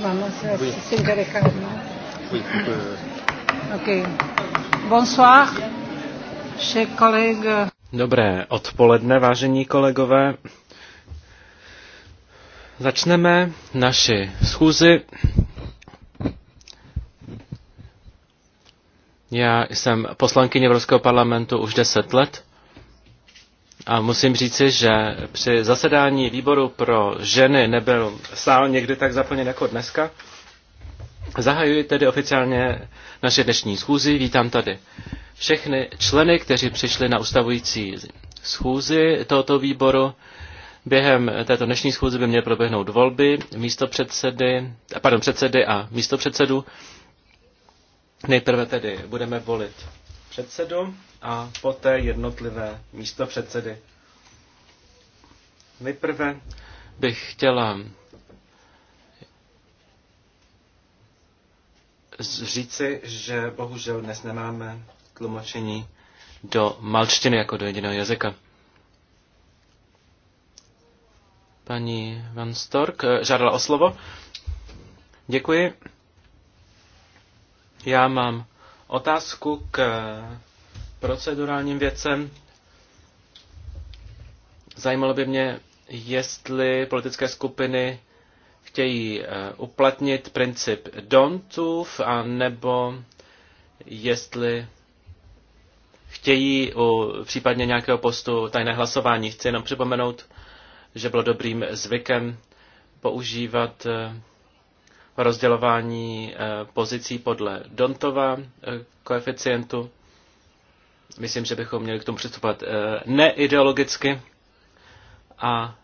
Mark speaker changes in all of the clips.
Speaker 1: ¿no? Ok. Bonsoir,
Speaker 2: Dobré odpoledne, vážení kolegové. Začneme naši schůzi. Já jsem poslankyně Evropského parlamentu už 10 let a musím říci, že při zasedání výboru pro ženy nebyl sál někdy tak zaplněn jako dneska. Zahajuji tedy oficiálně naše dnešní schůzi. Vítám tady všechny členy, kteří přišli na ustavující schůzi tohoto výboru. Během této dnešní schůze by měly proběhnout volby místo předsedy, pardon, předsedy a místo předsedu. Nejprve tedy budeme volit předsedu a poté jednotlivé místo předsedy. Nejprve bych chtěla říci, že bohužel dnes nemáme tlumočení do malčtiny jako do jediného jazyka. Paní Van Stork eh, žádala o slovo. Děkuji. Já mám otázku k procedurálním věcem. Zajímalo by mě, jestli politické skupiny chtějí eh, uplatnit princip dontův, a nebo jestli chtějí u případně nějakého postu tajné hlasování. Chci jenom připomenout, že bylo dobrým zvykem používat eh, rozdělování eh, pozicí podle Dontova koeficientu. Myslím, že bychom měli k tomu přistupovat eh, neideologicky a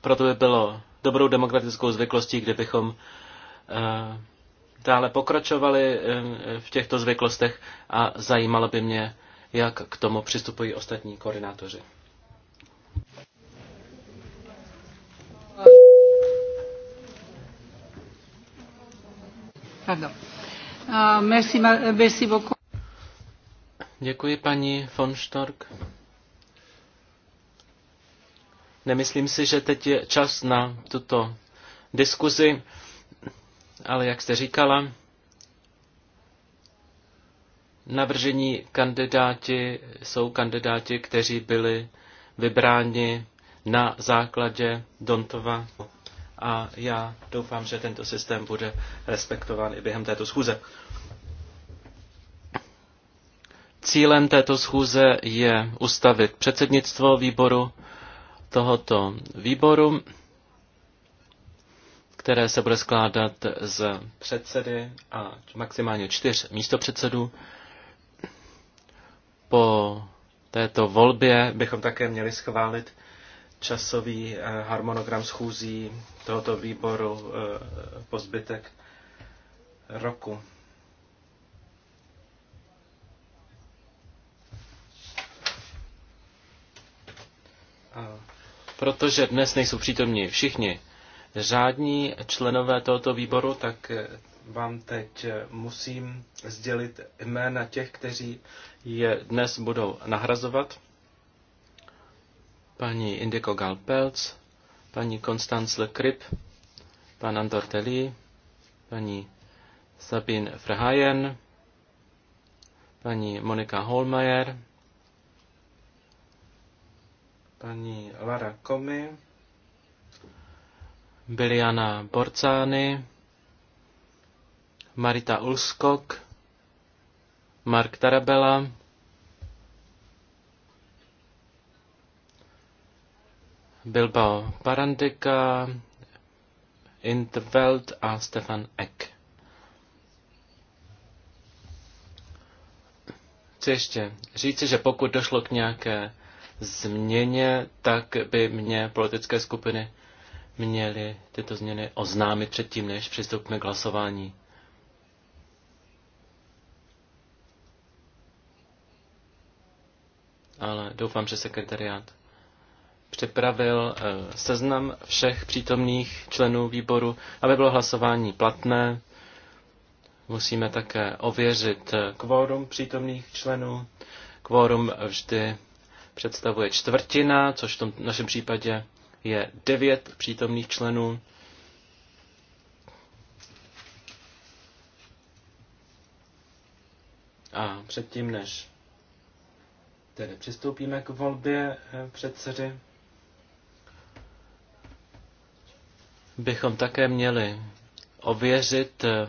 Speaker 2: proto by bylo dobrou demokratickou zvyklostí, kdybychom eh, dále pokračovali eh, v těchto zvyklostech a zajímalo by mě, jak k tomu přistupují ostatní koordinátoři.
Speaker 1: Pardon. Uh, merci, merci beaucoup.
Speaker 2: Děkuji, paní von Stork. Nemyslím si, že teď je čas na tuto diskuzi, ale jak jste říkala, navržení kandidáti jsou kandidáti, kteří byli vybráni na základě Dontova a já doufám, že tento systém bude respektován i během této schůze. Cílem této schůze je ustavit předsednictvo výboru tohoto výboru, které se bude skládat z předsedy a maximálně čtyř místopředsedů. Po této volbě bychom také měli schválit časový eh, harmonogram schůzí tohoto výboru eh, po zbytek roku. Protože dnes nejsou přítomní všichni řádní členové tohoto výboru, tak eh, vám teď eh, musím sdělit jména těch, kteří je dnes budou nahrazovat. Paní Indiko Galpelc, paní Konstanz Le Krip, pan Andor Telí, paní Sabine Frehajen, paní Monika Holmeier, paní Lara Komi, Biliana Borcány, Marita Ulskok, Mark Tarabela, Bilbao Parandika, Interveld a Stefan Eck. Chci ještě říci, že pokud došlo k nějaké změně, tak by mě politické skupiny měly tyto změny oznámit předtím, než přistoupíme k hlasování. Ale doufám, že sekretariát připravil eh, seznam všech přítomných členů výboru, aby bylo hlasování platné. Musíme také ověřit eh, kvórum přítomných členů. Kvórum vždy představuje čtvrtina, což v tom našem případě je devět přítomných členů. A předtím, než tedy přistoupíme k volbě eh, předsedy, bychom také měli ověřit eh,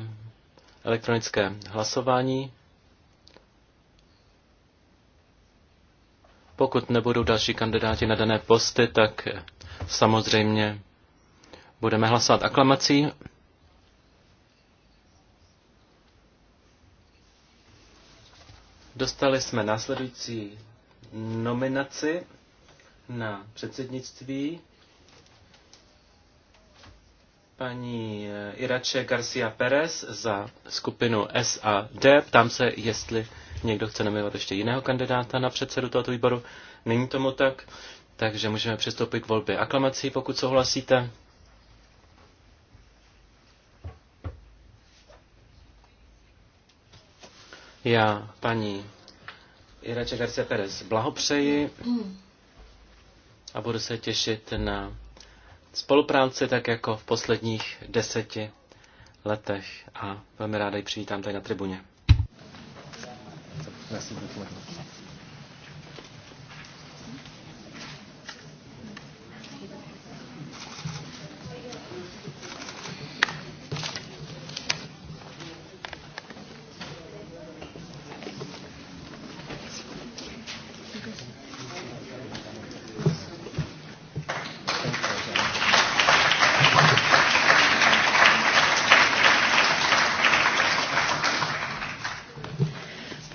Speaker 2: elektronické hlasování. Pokud nebudou další kandidáti na dané posty, tak samozřejmě budeme hlasovat aklamací. Dostali jsme následující nominaci na předsednictví paní eh, Irače Garcia Perez za skupinu SAD. Ptám se, jestli někdo chce nominovat ještě jiného kandidáta na předsedu tohoto výboru. Není tomu tak, takže můžeme přistoupit k volbě aklamací, pokud souhlasíte. Já paní Irače Garcia Perez blahopřeji a budu se těšit na spolupráci tak jako v posledních deseti letech a velmi ráda ji přivítám tady na tribuně. Merci beaucoup.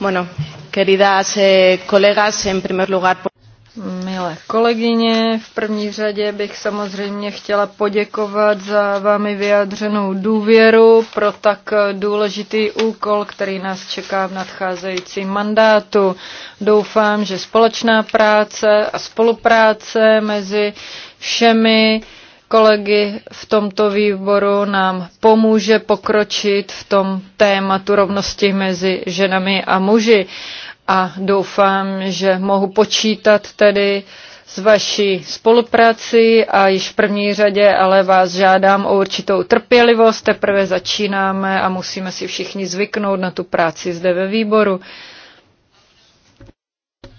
Speaker 1: Bueno, queridas eh, colegas, en primer lugar... Milé kolegyně, v první řadě bych samozřejmě chtěla poděkovat za vámi vyjádřenou důvěru pro tak důležitý úkol, který nás čeká v nadcházejícím mandátu. Doufám, že společná práce a spolupráce mezi všemi kolegy v tomto výboru nám pomůže pokročit v tom tématu rovnosti mezi ženami a muži. A doufám, že mohu počítat tedy s vaší spolupráci a již v první řadě ale vás žádám o určitou trpělivost. Teprve začínáme a musíme si všichni zvyknout na tu práci zde ve výboru.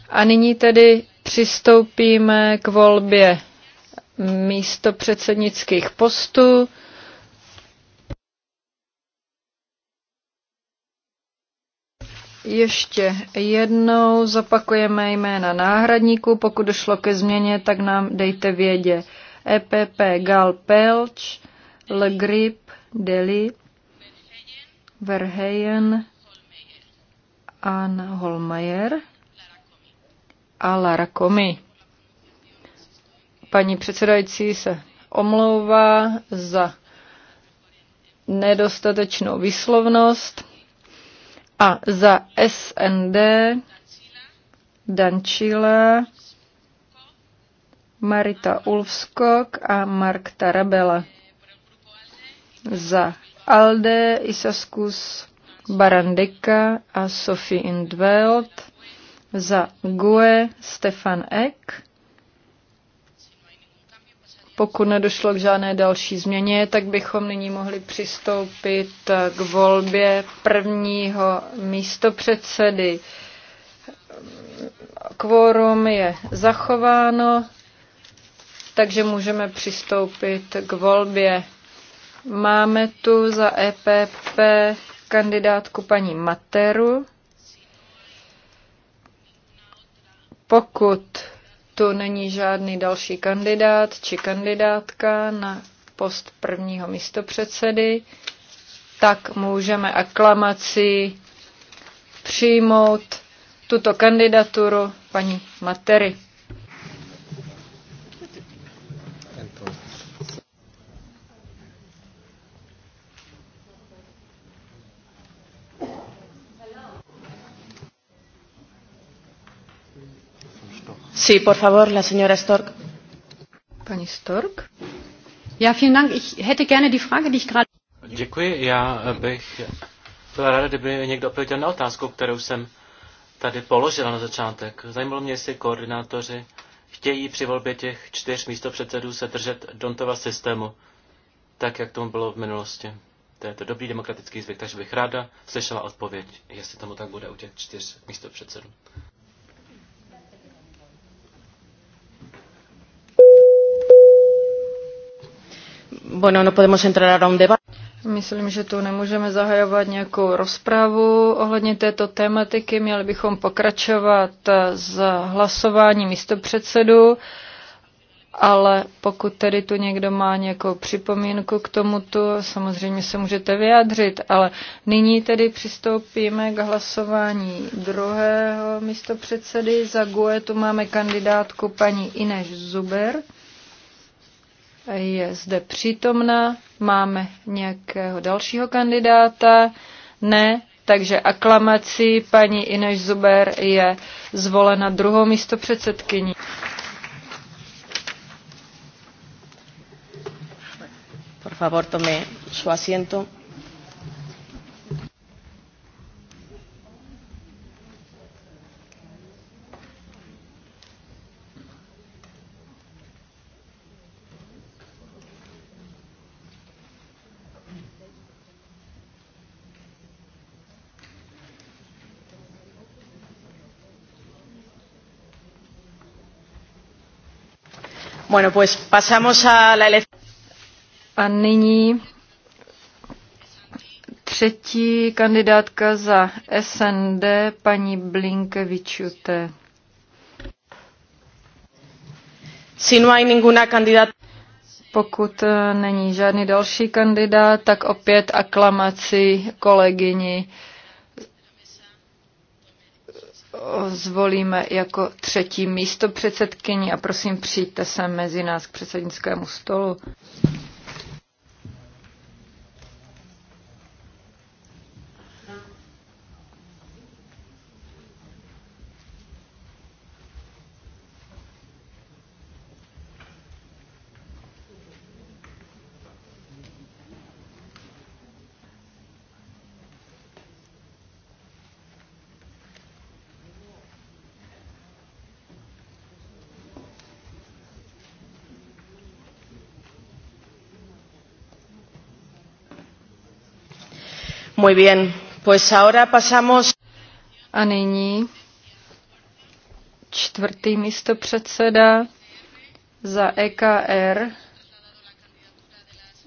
Speaker 1: A nyní tedy přistoupíme k volbě místo předsednických postů. Ještě jednou zopakujeme jména náhradníků. Pokud došlo ke změně, tak nám dejte vědě. EPP Gal Pelč, Le Grip, Deli, Verheyen, Anna Holmeyer a Lara Komi. Paní předsedající se omlouvá za nedostatečnou výslovnost a za SND Dančila, Marita Ulfskok a Mark Tarabela. Za Alde Isaskus Barandika a Sophie Indveld. Za GUE Stefan Eck pokud nedošlo k žádné další změně, tak bychom nyní mohli přistoupit k volbě prvního místopředsedy. Kvórum je zachováno, takže můžeme přistoupit k volbě. Máme tu za EPP kandidátku paní Materu. Pokud tu není žádný další kandidát či kandidátka na post prvního místopředsedy, tak můžeme aklamací přijmout tuto kandidaturu paní Matery. Stork. vielen Dank. Ich hätte gerne die Frage, die ich gerade...
Speaker 2: Děkuji, já bych byla ráda, kdyby někdo odpověděl na otázku, kterou jsem tady položila na začátek. Zajímalo mě, jestli koordinátoři chtějí při volbě těch čtyř místopředsedů se držet Dontova systému, tak jak tomu bylo v minulosti. To je to dobrý demokratický zvyk, takže bych ráda slyšela odpověď, jestli tomu tak bude u těch čtyř místopředsedů. předsedů.
Speaker 1: Bueno, no podemos entrar ahora un debate. Myslím, že tu nemůžeme zahajovat nějakou rozpravu ohledně této tématiky. Měli bychom pokračovat s hlasováním místopředsedu, ale pokud tedy tu někdo má nějakou připomínku k tomuto, samozřejmě se můžete vyjádřit, ale nyní tedy přistoupíme k hlasování druhého místopředsedy. Za GUE tu máme kandidátku paní Ineš Zuber je zde přítomna. Máme nějakého dalšího kandidáta? Ne, takže aklamací paní Ineš Zuber je zvolena druhou místo předsedkyní. Por favor, tome su asiento. Bueno, pues pasamos a la A nyní třetí kandidátka za SND, paní Blinkevičute. Si no hay ninguna Pokud eh, není žádný další kandidát, tak opět aklamaci kolegyni zvolíme jako třetí místo předsedkyni a prosím přijďte sem mezi nás k předsednickému stolu. Muy bien, pues ahora pasamos... A nyní čtvrtý místo předseda za EKR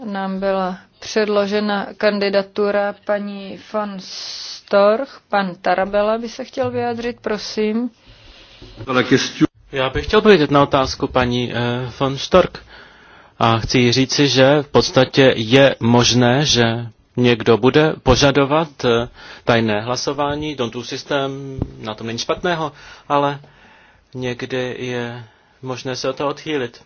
Speaker 1: nám byla předložena kandidatura paní van Storch. Pan Tarabela by se chtěl vyjádřit, prosím.
Speaker 2: Já bych chtěl povědět na otázku paní eh, von Storch A chci říci, že v podstatě je možné, že někdo bude požadovat eh, tajné hlasování, do systém, na tom není špatného, ale někdy je možné se o to odchýlit.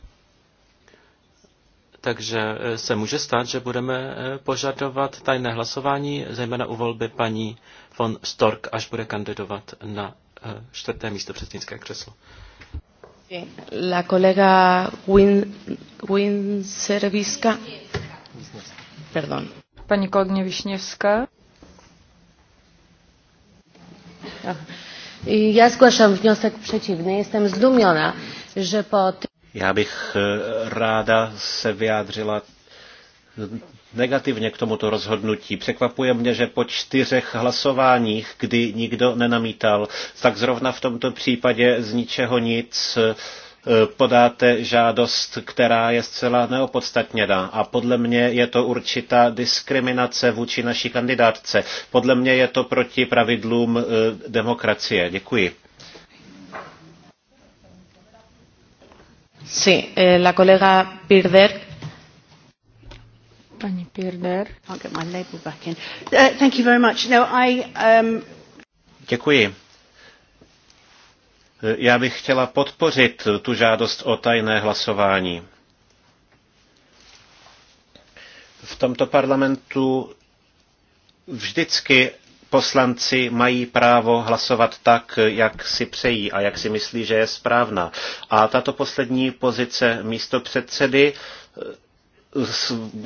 Speaker 2: Takže eh, se může stát, že budeme eh, požadovat tajné hlasování, zejména u volby paní von Stork, až bude kandidovat na čtvrté místo předsednické křeslo.
Speaker 1: La kolega Win, Win Serviska. Perdón. Paní kolegyně Višněvská. Já zgłaszam wniosek przeciwny. Jsem zdumiona, že po...
Speaker 3: Já bych eh, ráda se vyjádřila negativně k tomuto rozhodnutí. Překvapuje mě, že po čtyřech hlasováních, kdy nikdo nenamítal, tak zrovna v tomto případě z ničeho nic uh, Eh, podáte žádost, která je zcela neopodstatněná. A podle mě je to určitá diskriminace vůči naší kandidátce. Podle mě je to proti pravidlům eh, demokracie. Děkuji.
Speaker 1: Sí, eh, la colega Pirder. Pani Pirder. I'll get my label back in. Uh, thank you very much.
Speaker 3: No, I, um... Děkuji. Já bych chtěla podpořit tu žádost o tajné hlasování. V tomto parlamentu vždycky poslanci mají právo hlasovat tak, jak si přejí a jak si myslí, že je správná. A tato poslední pozice místo předsedy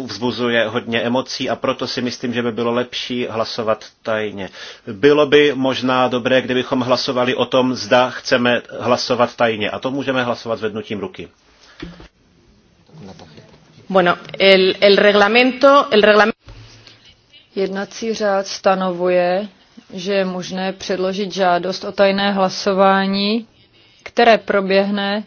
Speaker 3: vzbuzuje hodně emocí a proto si myslím, že by bylo lepší hlasovat tajně. Bylo by možná dobré, kdybychom hlasovali o tom, zda chceme hlasovat tajně. A to můžeme hlasovat vednutím ruky.
Speaker 1: Bueno, el, el reglamento, el reglamento... Jednací řád stanovuje, že je možné předložit žádost o tajné hlasování, které proběhne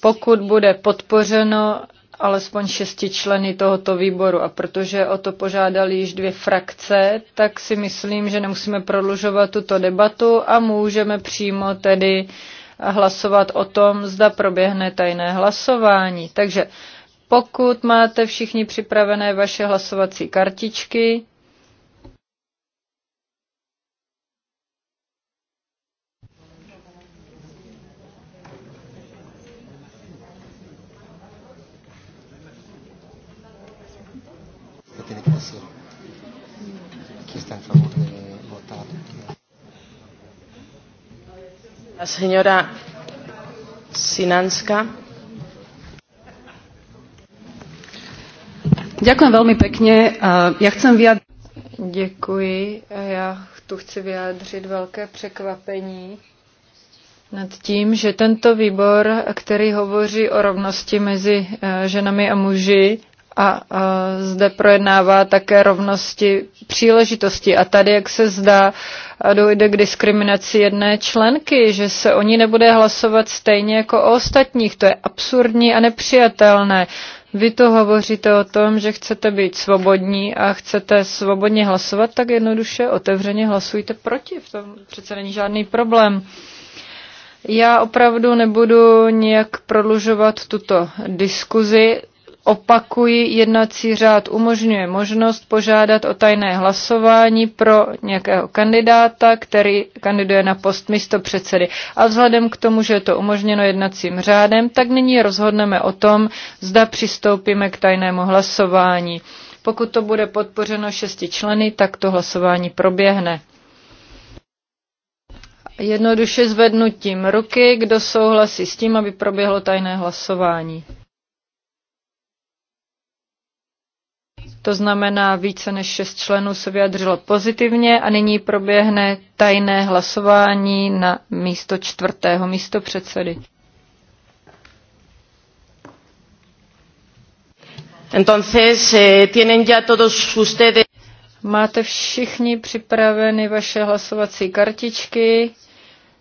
Speaker 1: pokud bude podpořeno alespoň šesti členy tohoto výboru. A protože o to požádali již dvě frakce, tak si myslím, že nemusíme prodlužovat tuto debatu a můžeme přímo tedy hlasovat o tom, zda proběhne tajné hlasování. Takže pokud máte všichni připravené vaše hlasovací kartičky,
Speaker 2: La señora Sinanska.
Speaker 1: Ďakujem veľmi pekne. Ja chcem vyjadriť... Děkuji. Já tu chci vyjádřit velké překvapení nad tím, že tento výbor, který hovoří o rovnosti mezi eh, ženami a muži, a, zde projednává také rovnosti příležitosti. A tady, jak se zdá, dojde k diskriminaci jedné členky, že se o ní nebude hlasovat stejně jako o ostatních. To je absurdní a nepřijatelné. Vy to hovoříte o tom, že chcete být svobodní a chcete svobodně hlasovat, tak jednoduše otevřeně hlasujte proti. V tom přece není žádný problém. Já opravdu nebudu nějak prodlužovat tuto diskuzi. Opakuji, jednací řád umožňuje možnost požádat o tajné hlasování pro nějakého kandidáta, který kandiduje na post místo předsedy. A vzhledem k tomu, že je to umožněno jednacím řádem, tak nyní rozhodneme o tom, zda přistoupíme k tajnému hlasování. Pokud to bude podpořeno šesti členy, tak to hlasování proběhne. Jednoduše zvednutím ruky, kdo souhlasí s tím, aby proběhlo tajné hlasování. To znamená, více než šest členů se vyjadřilo pozitivně a nyní proběhne tajné hlasování na místo čtvrtého místo předsedy. Entonces, eh, tienen ya todos ustedes... Máte všichni připraveny vaše hlasovací kartičky.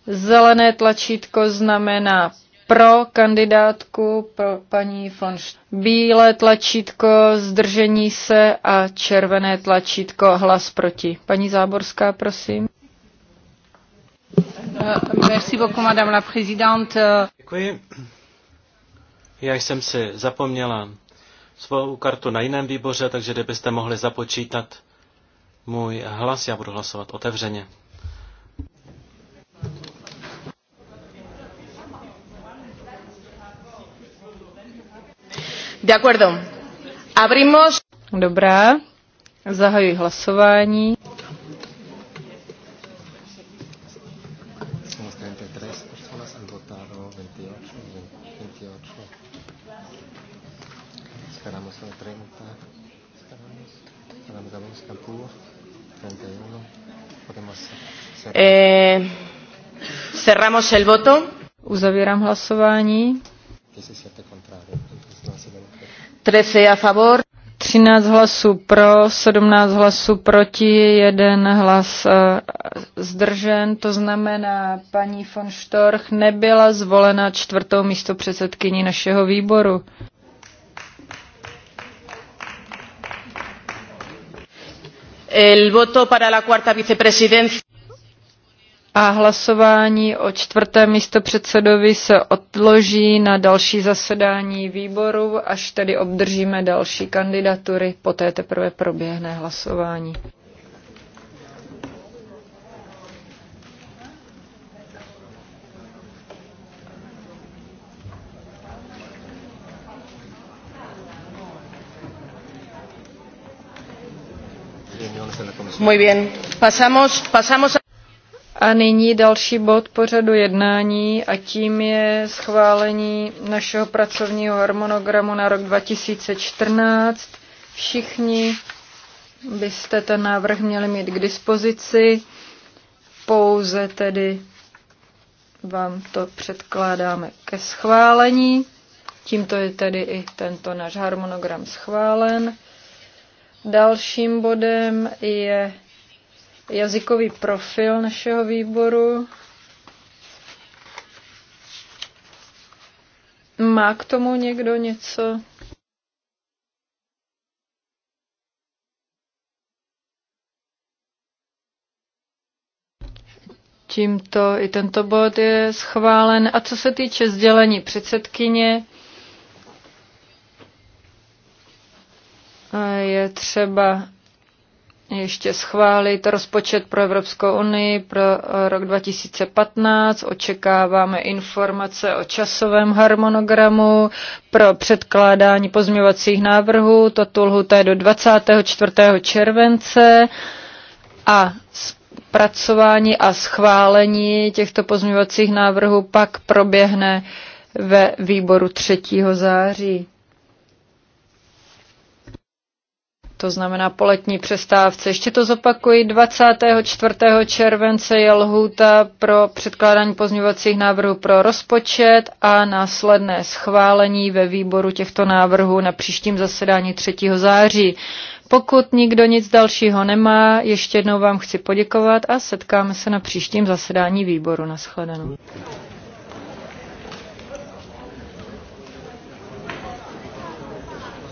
Speaker 1: Zelené tlačítko znamená pro kandidátku pro paní von Bílé tlačítko zdržení se a červené tlačítko hlas proti. Paní Záborská, prosím. Eh, merci beaucoup, madame la présidente.
Speaker 2: Děkuji. Já jsem si zapomněla svou kartu na jiném výboře, takže kdybyste mohli započítat můj hlas, já budu hlasovat otevřeně.
Speaker 1: De acuerdo. Abrimos. Dobrá. Zahajuji hlasování.
Speaker 3: Eh,
Speaker 1: cerramos el voto. Uzavírám hlasování. 13 a favor. 13 hlasů pro, 17 hlasů proti, jeden hlas eh, zdržen. To znamená, paní von Storch nebyla zvolena čtvrtou místo předsedkyní našeho výboru. El voto para la cuarta vicepresidencia a hlasování o čtvrtém místopředsedovi se odloží na další zasedání výboru, až tedy obdržíme další kandidatury. Poté teprve proběhne hlasování. Muy bien. Pasamos, pasamos a... A nyní další bod pořadu jednání a tím je schválení našeho pracovního harmonogramu na rok 2014. Všichni byste ten návrh měli mít k dispozici, pouze tedy vám to předkládáme ke schválení. Tímto je tedy i tento náš harmonogram schválen. Dalším bodem je jazykový profil našeho výboru. Má k tomu někdo něco? Tímto i tento bod je schválen. A co se týče sdělení předsedkyně, je třeba ještě schválit rozpočet pro Evropskou unii pro eh, rok 2015. Očekáváme informace o časovém harmonogramu pro předkládání pozměvacích návrhů. Toto lhuta je do 24. července a zpracování a schválení těchto pozměvacích návrhů pak proběhne ve výboru 3. září. to znamená po letní přestávce. Ještě to zopakuji, 24. července je lhůta pro předkládání pozměňovacích návrhů pro rozpočet a následné schválení ve výboru těchto návrhů na příštím zasedání 3. září. Pokud nikdo nic dalšího nemá, ještě jednou vám chci poděkovat a setkáme se na příštím zasedání výboru. Naschledanou.